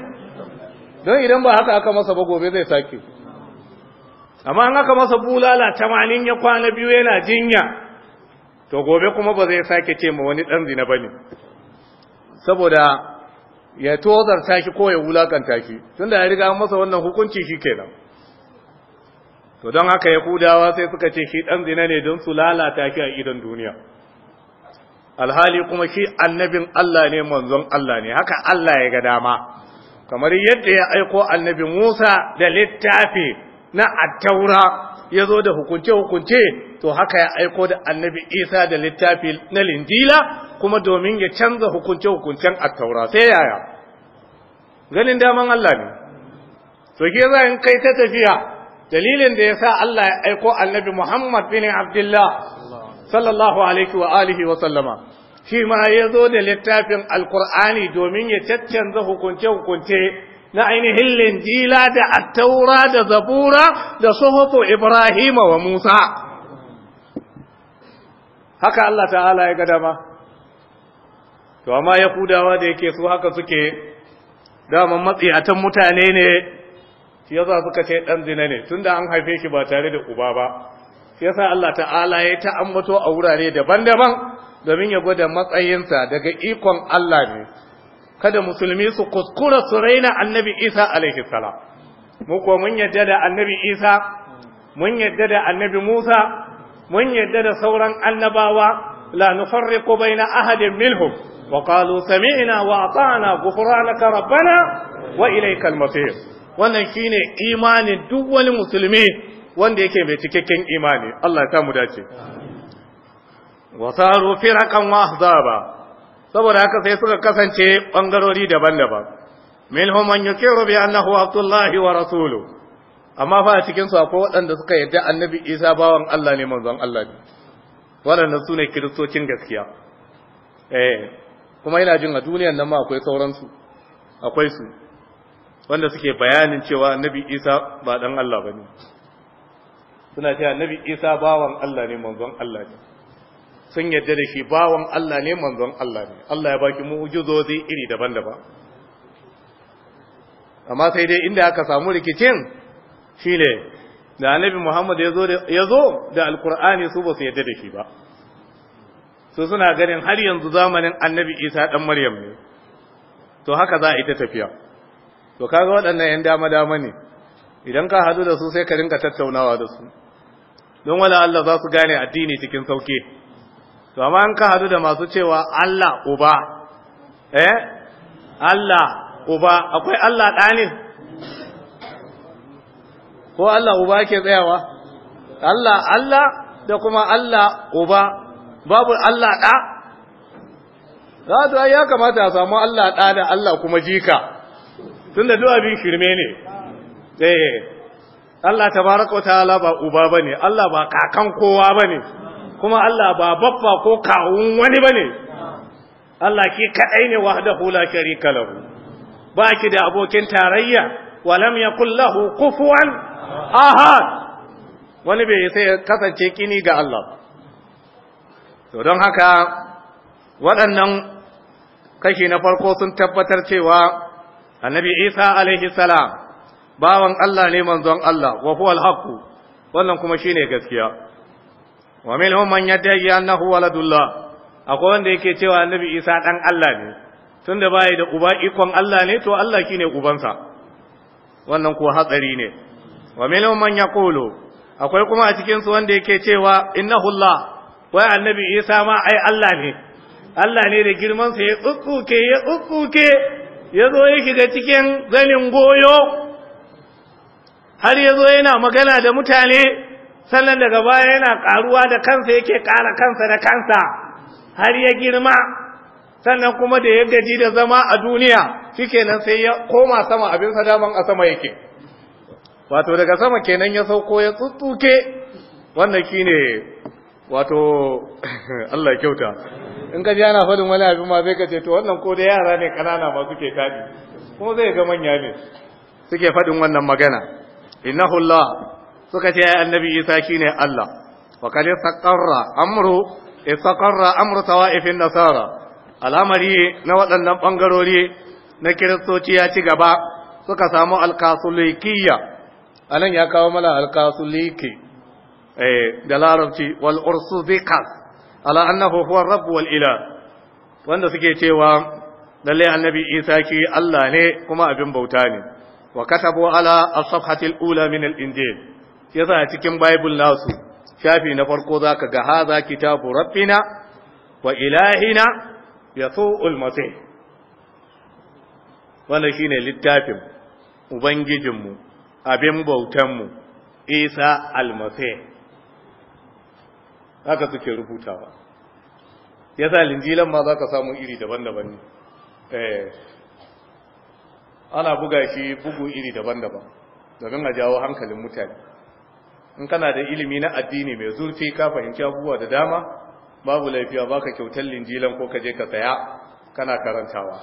Speaker 1: don idan ba haka aka masa ba gobe zai sake amma an aka masa bulala tamanin ya kwana biyu yana jinya to gobe kuma ba zai sake ce ma wani ɗan zina ba ne saboda ya tozarta shi ko ya wulakanta shi tun da ya riga masa wannan hukunci shi kenan to don haka ya yahudawa sai suka ce shi ɗan zina ne don su lalata shi a idan duniya alhali kuma shi annabin Allah ne manzon Allah ne haka Allah ya ga dama kamar yadda ya aiko annabi Musa da littafi na attaura ya zo da hukunce-hukunce to haka ya aiko da annabi isa da littafi na lindila, kuma domin ya canza hukunce-hukuncen attaura sai yaya ganin daman Allah ne to ke za in kai ta tafiya dalilin da ya sa Allah ya aiko annabi Muhammad bin Abdullah sallallahu alaihi wa alihi wa sallama shi ma ya zo da littafin alkur'ani domin ya caccanza hukunce-hukunce na ainihin linjila da attaura da zabura da suhufu ibrahima wa musa haka Allah ta'ala ya ga dama to amma ya kudawa da yake su haka suke Dama matsiyatan mutane ne shi za suka ce ɗan zina ne tunda an haife shi ba tare da uba ba shi Allah ta'ala ya ta a wurare daban-daban domin ya gwada matsayinsa daga ikon Allah ne kada musulmi su kuskura su raina annabi isa alaihi salam mu ko mun yadda da annabi isa mun yadda da annabi musa mun yadda da sauran annabawa la nufarriqu baina ahadin minhum wa qalu sami'na wa ata'na ghufranaka rabbana wa ilaykal masir wannan shine imanin duk wani musulmi wanda yake mai cikakken imani Allah ya mu dace wa saru firaqan wa ahzaba saboda haka sai suka kasance bangarori daban-daban minhum man yukiru bi annahu abdullahi wa rasulu amma fa a cikin su akwai waɗanda suka yadda annabi isa bawan Allah ne manzon Allah ne waɗanda su ne kiristocin gaskiya eh kuma ina jin a duniyan nan ma akwai sauransu akwai su wanda suke bayanin cewa annabi isa ba dan Allah ba ne suna cewa annabi isa bawan Allah ne manzon Allah ne sun yadda da shi bawan Allah ne manzon Allah ne Allah ya baki mu'jizozi iri daban-daban amma sai dai inda aka samu rikicin shine da annabi Muhammad ya zo da alkur'ani su ba su yadda da shi ba su suna ganin har yanzu zamanin annabi Isa dan Maryam ne to haka za a ita tafiya to kaga waɗannan yan dama dama ne idan ka hadu da su sai ka rinka tattaunawa da su don wala Allah za su gane addini cikin sauke to amma an ka hadu da masu cewa Allah uba eh Allah uba akwai Allah ɗa ne ko Allah uba ke tsayawa Allah Allah da kuma Allah uba babu Allah ɗa za ta ya kamata a samu Allah ɗa da Allah kuma jika tun da duwa bin shirme ne eh Allah tabaraka wa ta'ala ba uba bane Allah ba kakan kowa bane kuma Allah ba babba ko kawun wani bane Allah ki kadai ne wahdahu hula sharika lahu ba ki da abokin tarayya wa lam yakul lahu kufuwan ahad wani bai sai kasance kini ga Allah to don haka waɗannan kashi na farko sun tabbatar cewa annabi Isa alaihi salam bawan Allah ne manzon Allah wa huwa al wannan kuma shine gaskiya wa minhum man yadda'i annahu waladullah akwai wanda yake cewa annabi Isa dan Allah ne tunda bai da uba ikon Allah ne to Allah ne ubansa wannan ko hatsari ne wa minhum man yaqulu akwai kuma a cikinsu su wanda yake cewa innahu hulla, wai annabi Isa ma ai Allah ne Allah ne da girman sa ya tsutsuke ya tsutsuke ya zo ya shiga cikin zanin goyo har ya zo yana magana da mutane sannan daga baya yana karuwa da kansa yake kara kansa da kansa har ya girma sannan kuma da ya gaji da zama a duniya shikenan sai ya koma sama abin sa daman a sama yake wato daga sama kenan ya sauko ya tsutsuke wannan shine wato Allah ya kyauta in ka ji ana faɗin wani abin ma zai ka ce to wannan ko da yara ne kanana ma suke tadi kuma zai ga manya ne suke faɗin wannan magana innahu Allah suka ce annabi isa shine Allah wa kad istaqarra amru istaqarra amru tawaifin nasara al'amari na waɗannan bangarori na kiristoci ya ci gaba suka samu alkasulikiyya anan ya kawo mana alkasuliki eh da larabci wal ursuzikas ala annahu huwa rabb wal ila. wanda suke cewa lalle annabi isa ki Allah ne kuma abin bauta ne wa katabu ala as-safhati al-ula min al-injil yasa a cikin bible nasu shafi na farko zaka ga haza kitabu rabbina wa ilahina yasu'ul masih wannan shine littafin ubangijinmu abin bautanmu isa almasih haka suke rubutawa yasa linjilan ma zaka samu iri daban-daban ne eh ana buga shi bugu iri daban-daban domin a jawo hankalin mutane in kana da ilimi na addini mai zurfi ka fahimci abubuwa da dama babu laifiya baka kyautar linjilan ko ka je ka saya kana karantawa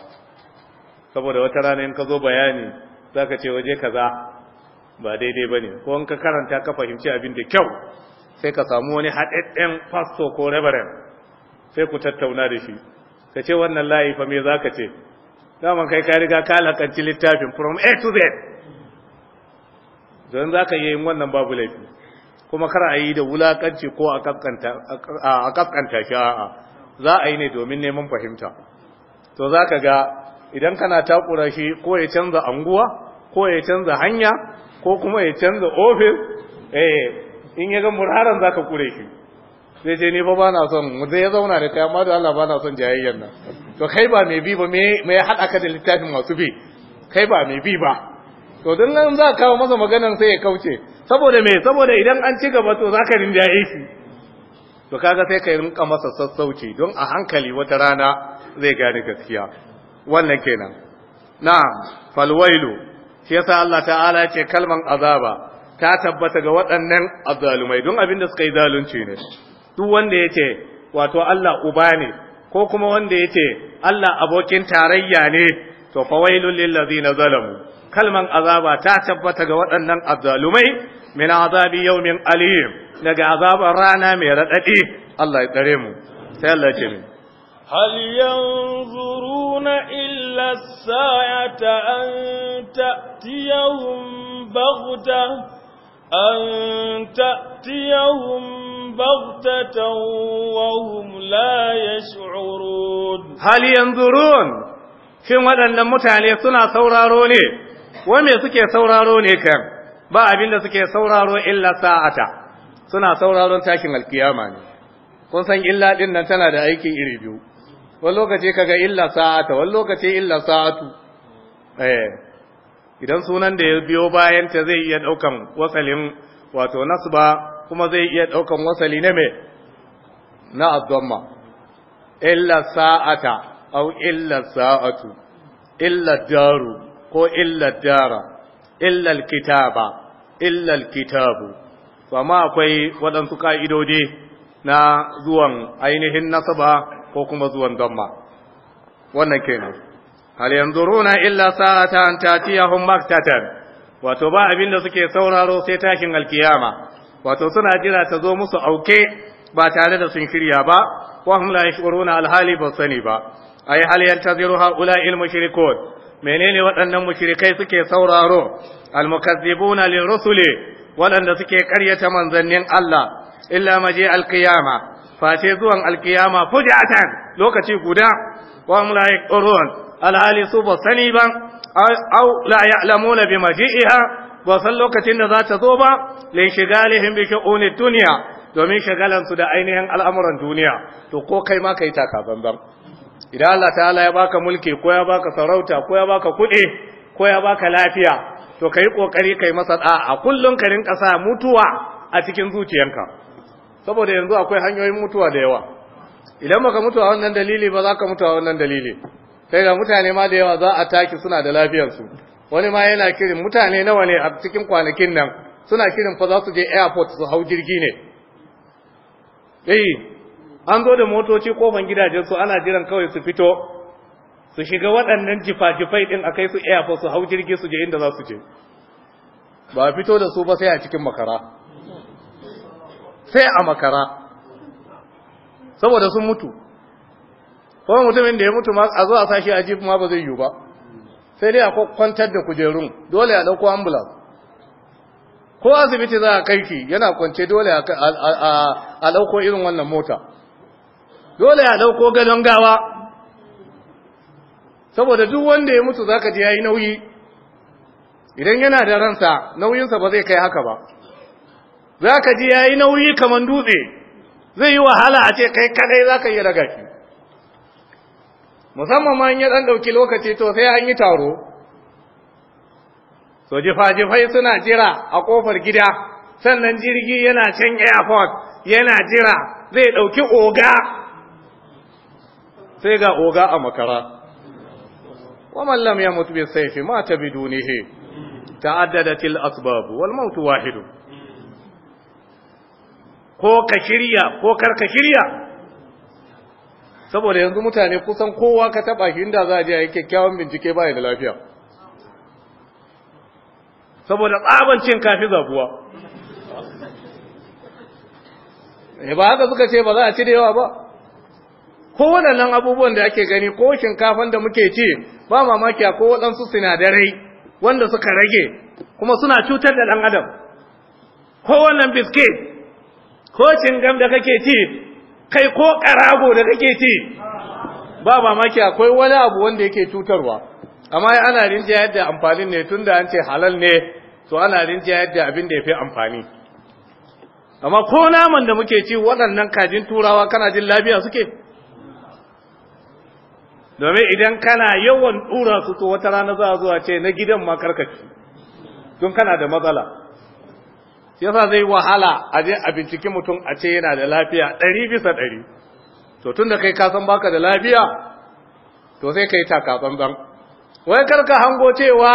Speaker 1: saboda wata rana in ka zo bayani zaka ce waje kaza ba daidai bane ko in ka karanta ka fahimci abin da kyau sai ka samu wani haɗaɗɗen pastor ko reverend sai ku tattauna da shi ka ce wannan layi fa me zaka ce dama kai ka riga ka lakanci littafin from A to Z don zaka yi wannan babu laifi kuma kar a yi da wulakanci ko a kafkanta shi a'a za a yi ne domin neman fahimta to za ka ga idan kana takura shi ko ya canza anguwa ko ya canza hanya ko kuma ya canza ofis eh in ya ga murharan za ka kure shi zai ce ni fa ba na son zai ya zauna da kai amma da Allah ba na son jayayyar nan to kai ba mai bi ba mai haɗa ka da littafin masu bi kai ba mai bi ba to don nan za ka kawo masa maganan sai ya kauce saboda me saboda idan an ci gaba to zaka rinjaye shi to kaga sai ka rinka masa sassauci don a hankali wata rana zai gane gaskiya wannan kenan na'am falwailu shi yasa Allah ta'ala ce kalman azaba ta tabbata ga waɗannan azalumai don abin da suka yi zalunci ne duk wanda yace wato Allah uba ne ko kuma wanda yace Allah abokin tarayya ne to fawailul lil ladzina zalamu kalman azaba ta tabbata ga waɗannan azzalumai min azabi yawmin alim daga azabar rana mai radadi Allah ya tsare mu sai Allah ya ce mu هل ينظرون waɗannan mutane suna sauraro ne wa me suke sauraro ne kan ba abin da suke sauraro illa sa'ata suna sauraron tashin alkiyama ne kun san illa din nan tana da aiki iri biyu wani lokaci kaga illa sa'ata wani lokaci illa sa'atu eh idan sunan da ya biyo bayan ta zai iya daukan wasalin wato nasba kuma zai iya daukan wasali na me na addamma illa sa'ata au illa sa'atu illa daru ko illar dara illar kitaba illar kitabu ma akwai waɗansu ƙa'idodi na zuwan ainihin nasaba ko kuma zuwan damma. wannan kenan hal yanzuruna illa sa'ata an tatiyahum maktatan wato ba abin da suke sauraro sai takin alkiyama wato suna jira ta zo musu auke ba tare da sun shirya ba wa hum la yashuruna alhali ba sani ba ay hal yantaziru haula ilmu mushrikun menene waɗannan mushrikai suke sauraro almukazzibuna lirrusuli waɗanda suke ƙaryata manzannin Allah illa maje alkiyama face zuwan alkiyama fujatan lokaci guda wa hum la yaqurun alhali su ba sani ba aw la ya'lamuna bi maji'iha ba san lokacin da za ta zo ba lin shigalihim bi shu'uni dunya domin shagalan su da ainihin al'amuran duniya to ko kai ma kai taka banban idan Allah ta'ala ya baka mulki ko ya baka sarauta ko ya baka kuɗi ko ya baka lafiya to kai kokari kai masa a kullun ka rinka sa mutuwa a cikin zuciyanka saboda yanzu akwai hanyoyin mutuwa da yawa idan baka mutu a wannan dalili ba za ka mutu a wannan dalili sai ga mutane ma da yawa za a taki suna da lafiyar su. wani ma yana kirin mutane nawa ne a cikin kwanakin nan suna kirin fa za su je airport su hau jirgi ne eh an zo da motoci kofan su ana jiran kawai su fito su shiga waɗannan jifa-jifai ɗin a kai su airport su hau jirgi su je inda za su je ba fito da su ba sai a cikin makara sai a makara saboda sun mutu kuma mutumin da ya mutu ma a zo a sashi a jif ma ba zai yiwu ba sai dai a kwantar da kujerun dole a ɗauko ambulance ko asibiti za a kai shi yana kwance dole a ɗauko irin wannan mota dole ya dauko gadon gawa saboda duk wanda ya mutu zaka ji yayi nauyi idan yana da ransa nauyinsa ba zai kai haka ba zaka ji yayi nauyi kaman dutse zai yi wahala a ce kai kadai zaka yi daga shi musamman ma in ya dan dauki lokaci to sai an yi taro so jifa-jifai suna jira a kofar gida sannan jirgi yana can airport yana jira zai dauki oga sai ga oga a makara waman lam mutu bi sayfi mata bidunihi ta'addadat al asbab wal maut wahid ko ka shirya ko karka shirya saboda yanzu mutane kusan kowa ka taba shi inda za a je a yi kyakkyawan bincike ba da lafiya saboda tsaban cin kafi zabuwa eh, ba haka suka ce ba za a ci da yawa ba ko waɗannan abubuwan da ake gani ko shinkafan da muke ci ba mamaki ko waɗansu sinadarai wanda suka rage kuma suna cutar da ɗan adam ko wannan biskit ko cingam da kake ci kai ko ƙarago da kake ci ba mamaki akwai wani abu wanda yake cutarwa amma ana rinjiya yadda amfanin ne tun da an ce halal ne to ana rinjiya yadda abin da ya fi amfani amma ko naman da muke ci waɗannan kajin turawa kana jin lafiya suke domin idan kana yawan dura su to wata rana za a zuwa ce na gidan ma karkaci don kana da matsala shi yasa zai wahala a je a binciki mutum a ce yana da lafiya ɗari bisa ɗari to tun da kai ka san baka da lafiya to sai kai taka tsantsan wai karka hango cewa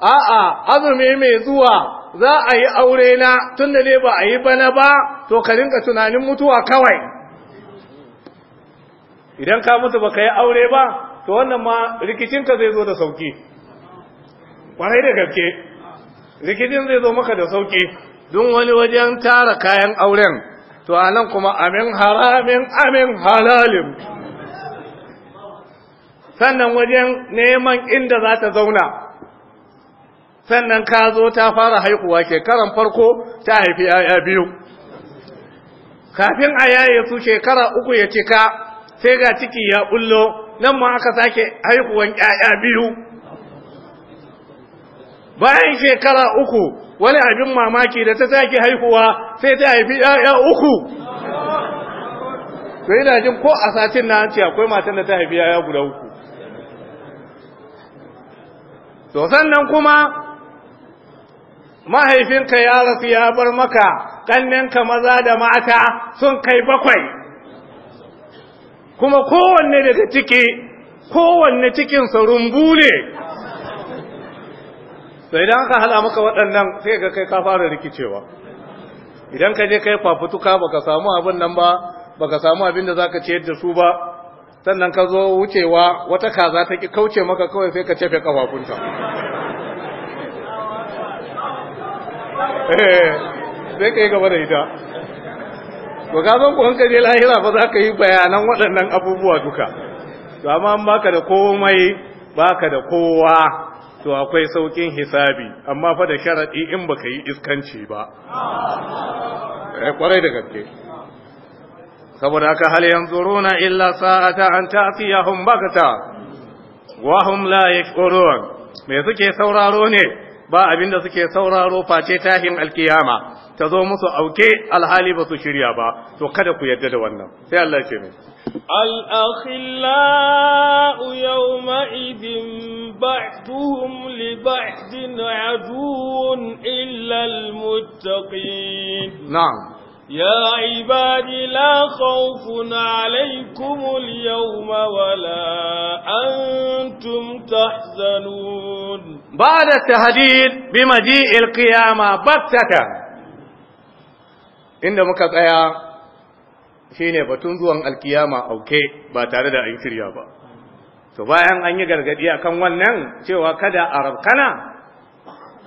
Speaker 1: a'a azumi mai zuwa za a yi aure na tun da ne ba a yi bana ba to ka rinka tunanin mutuwa kawai idan ka mutu baka yi aure ba to wannan ma rikicinka zai zo da sauki kwarai da gaske rikicin zai zo maka da sauki don wani wajen tara kayan auren to a nan kuma amin haramin amin halalin sannan wajen neman inda za ta zauna sannan ka zo ta fara haihuwa shekaran farko ta haifi yaya biyu kafin a yaye su shekara uku ya cika sai ga ciki ya bullo nan ma aka sake haihuwan 'ya'ya biyu bayan shekara uku wani abin mamaki da ta sake haihuwa sai ta haifi ƴaƴa uku to ina jin ko a satin na hanci akwai matan da ta haifi ƴaƴa guda uku to sannan kuma mahaifinka ya rasu ya bar maka ƙannenka maza da mata sun kai bakwai kuma kowanne daga ciki kowanne cikinsa rumbu ne Sai idan aka hada maka waɗannan sai ga kai ka fara rikicewa idan ka je kai fafutuka baka samu abin nan ba baka samu abin da za ka ciyar da su ba sannan ka zo wucewa wata kaza ta ki kauce maka kawai sai ka cefe kafafunta eh, Sai ka yi gaba da ita to ka zan kuwan ka je lahira ba za ka yi bayanan waɗannan abubuwa duka to amma an baka da komai baka da kowa to akwai saukin hisabi amma fa da sharadi in baka yi iskanci ba eh kwarai da gaske saboda ka hal yanzuruna illa sa'ata an ta'tiyahum bagata wa hum la yashurun me suke sauraro ne ba abinda suke sauraro face tahin alkiyama ta zo musu auke alhali ba su shirya ba to kada ku yarda da wannan sai Allah ce mai
Speaker 2: al-akhillau yawma idin ba'duhum li ba'din aduun illa al-muttaqin
Speaker 1: na'am ya ibadi la
Speaker 2: khawfun 'alaykum al-yawma wa la antum tahzanun
Speaker 1: ba'da tahdid bi maji'il qiyamah inda muka tsaya shine batun zuwan alkiyama auke ba tare da an shirya ba to bayan an yi gargadi akan wannan cewa kada a rabkana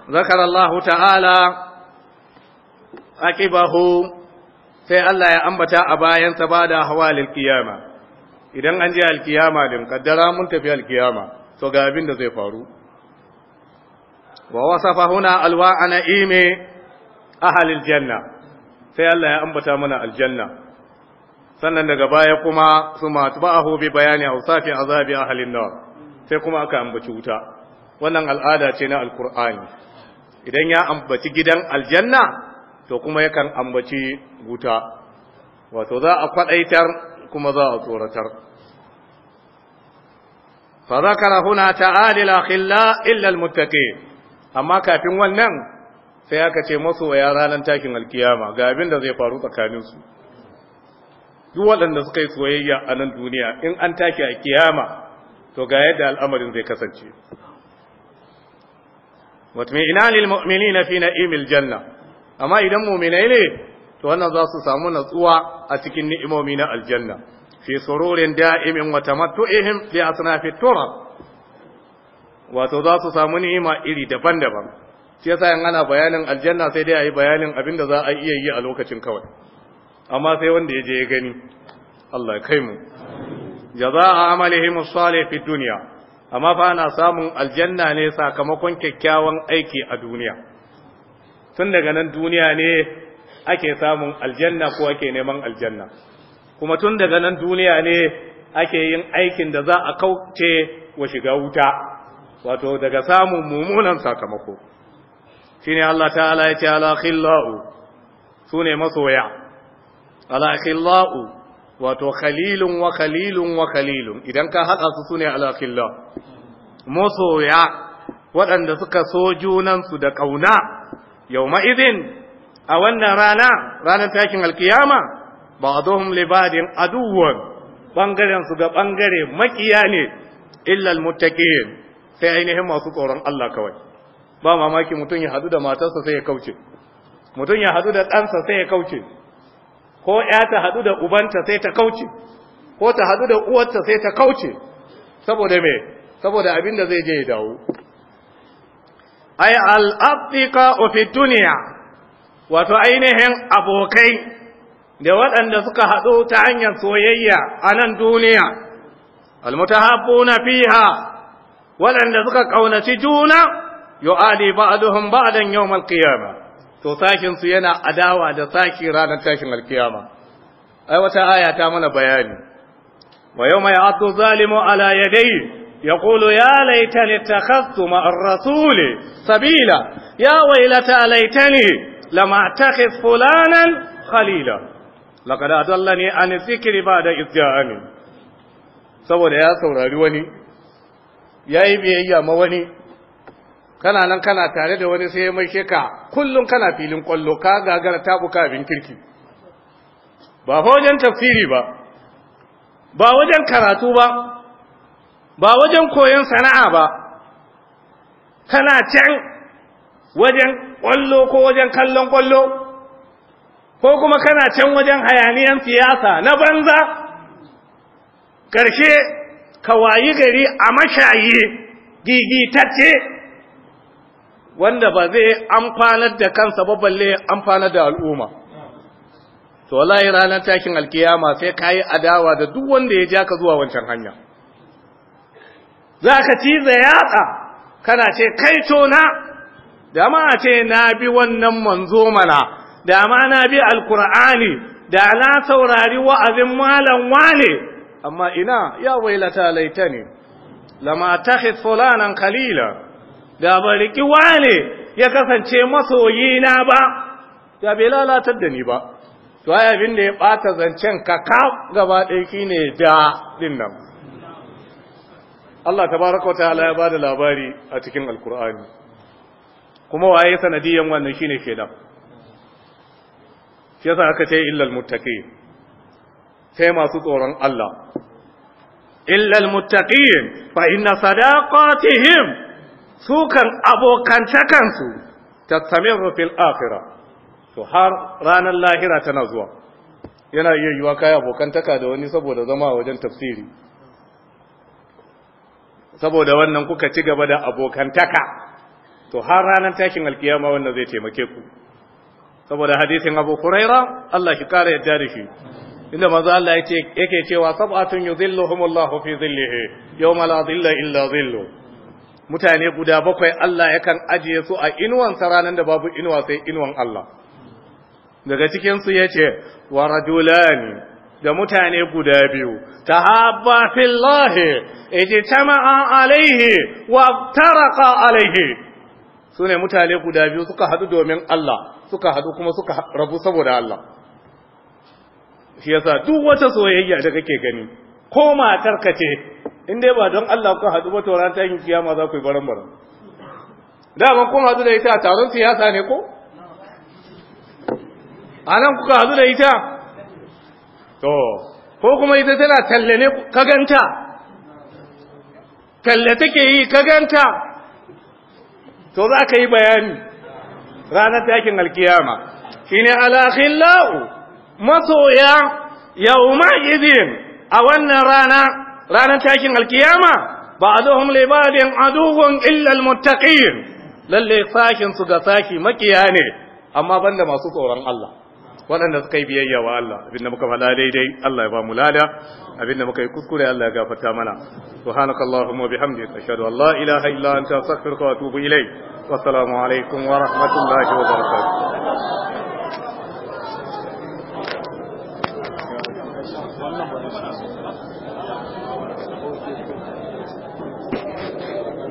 Speaker 1: ذكر ta'ala تعالى aqibahu sai Allah ya ambata a bayansa bada ba da hawalil kiyama idan an je alkiyama din kaddara mun tafi alkiyama to ga abin da zai faru wa wasafa huna alwa na'imi ahalil janna sai Allah ya ambata mana aljanna sannan daga baya kuma su matba'ahu bi bayani awsafi azabi halin nawa, sai kuma aka ambaci wuta wannan al'ada ce na Alkur'ani. idan ya ambaci gidan aljanna to kuma yakan ambaci wuta wato za a kwadaitar kuma za a tsoratar فذكر هنا تعالى الأخلاء إلا المتقين amma kafin wannan. sai aka ce ya ranar takin alkiyama ga abin da zai faru tsakaninsu duk waɗanda suka yi soyayya a nan duniya in an take a kiyama to ga yadda al'amarin zai kasance ina ne lil na fi na imil janna amma idan mu'minai ne to wannan za su samu natsuwa a cikin ni'imomi na aljanna fi sururin da'imin wa tamattu'ihim li asnafi turab wato za su samu ni'ima iri daban-daban shi yasa in ana bayanin aljanna sai dai ayi bayanin da za a iya yi a lokacin kawai amma sai wanda ya je ya gani Allah ya kai mu jazaa amalihim salih fi dunya amma fa ana samun aljanna ne sakamakon kyakkyawan aiki a duniya tun daga nan duniya ne ake samun aljanna ko ake neman aljanna kuma tun daga nan duniya ne ake yin aikin da za a kauce wa shiga wuta wato daga samun mummunan sakamako Shin Allah ta'ala ya ce ala su ne masoya ala wato khalilun wa khalilun wa khalilun idan ka haɗa su sune ala khillau masoya waɗanda suka so junansu da ƙauna yau maizin a wannan rana ranar takin alkiyama ba a zohun libadin aduwwan ɓangaren su ga ɓangare makiya ne illal muttaqin sai ainihin masu tsoron Allah kawai ba mamaki mutum ya hadu da matarsa sai ya kauce mutum ya hadu da ɗansa sai ya kauce ko ya ta hadu da ubanta sai ta kauce ko ta hadu da uwarta sai ta kauce saboda me saboda abin da zai je ya dawo ai al-afiqa fi duniya wato ainihin abokai da waɗanda suka haɗu ta hanyar soyayya a nan duniya almutahabbuna fiha waɗanda suka ƙaunaci juna yu'adi ba'duhum ba'dan yawm al-qiyama to sakin su yana adawa da saki ranar tashin al-qiyama aya ta mana bayani wa yawma ya'tu zalimu ala yadayhi yaqulu ya laitani takhattu ma'ar rasuli sabila ya wailata laitani lama takhis fulanan khalila laqad ne an zikri ba'da izja'ani saboda ya saurari wani yayi biyayya ma wani kana nan kana tare da wani sai ya maishe ka kullum kana filin kwallo ka gagara tabuka abin kirki ba fa wajen tafsiri ba ba wajen karatu ba ba wajen koyon sana'a ba kana can wajen kwallo ko wajen kallon kwallo ko kuma kana can wajen hayaniyan siyasa na banza karshe ka wayi gari a mashayi gigitacce wanda ba zai amfanar da kansa ba balle amfanar da al'umma to wallahi ranar takin alkiyama sai kayi adawa da duk wanda ya ja ka zuwa wancan hanya zaka ciza yatsa kana ce kai to na da ma ce na bi wannan manzo mana da ma na bi alkur'ani da na saurari wa'azin malam wane, amma ina ya wailata laitani ne, lama ta fulanan da ban wane ya kasance masoyina ba da bai lalatar da ni ba to ai abin da ya ɓata zancen kaka gaba ɗaya shine da ɗin nan Allah tabaraka wa ta'ala ya bada labari a cikin alkur'ani kuma waye sanadiyan wannan shine kenan shi yasa aka ce illal mutaki, sai masu tsoron Allah illal mutaki fa inna sadaqatihim sukan abokantakansu tattamirru rufin afira, to har ranar lahira tana zuwa yana iya yiwa kai abokantaka da wani saboda zama wajen tafsiri saboda wannan kuka ci gaba da abokantaka to har ranar takin alkiyama wannan zai taimake ku saboda hadisin Abu kuraira Allah shi kare yadda da shi inda manzo Allah yake cewa sab'atun yuzilluhumullahu fi zillihi yawma la dhilla illa dhilluh mutane guda bakwai Allah ya kan ajiye su a inuwansa ranar da babu inuwa sai inuwan Allah daga cikinsu ya ce wa rajulani da mutane guda biyu ta haɓa fillahi tama'a alaihi wa taraka alaihi su ne mutane guda biyu suka haɗu domin Allah suka haɗu kuma suka rabu saboda Allah shi yasa duk wata soyayya da kake gani ko matarka ce in dai ba don Allah ku haɗu ba tauraron ta yin kiyama za ku yi baran baran dama kun haɗu da ita a taron siyasa ne ko a nan kuka haɗu da ita to ko kuma ita tana talle ne ka ganta talle take yi ka ganta to za ka yi bayani ranar takin alkiyama shine alakhillahu masoya yauma idin a wannan rana ranar takin alkiyama ba a zuhun libadin aduhun illal muttaqin lalle sashin su ga sashi makiya ne amma banda masu tsoron Allah waɗanda suka yi biyayya wa Allah da muka faɗa daidai Allah ya ba mu lada da muka yi kuskure Allah ya gafarta mana subhanaka allahumma bihamdika ashhadu an la ilaha illa anta astaghfiruka wa atubu ilayk wa assalamu alaikum wa rahmatullahi wa barakatuh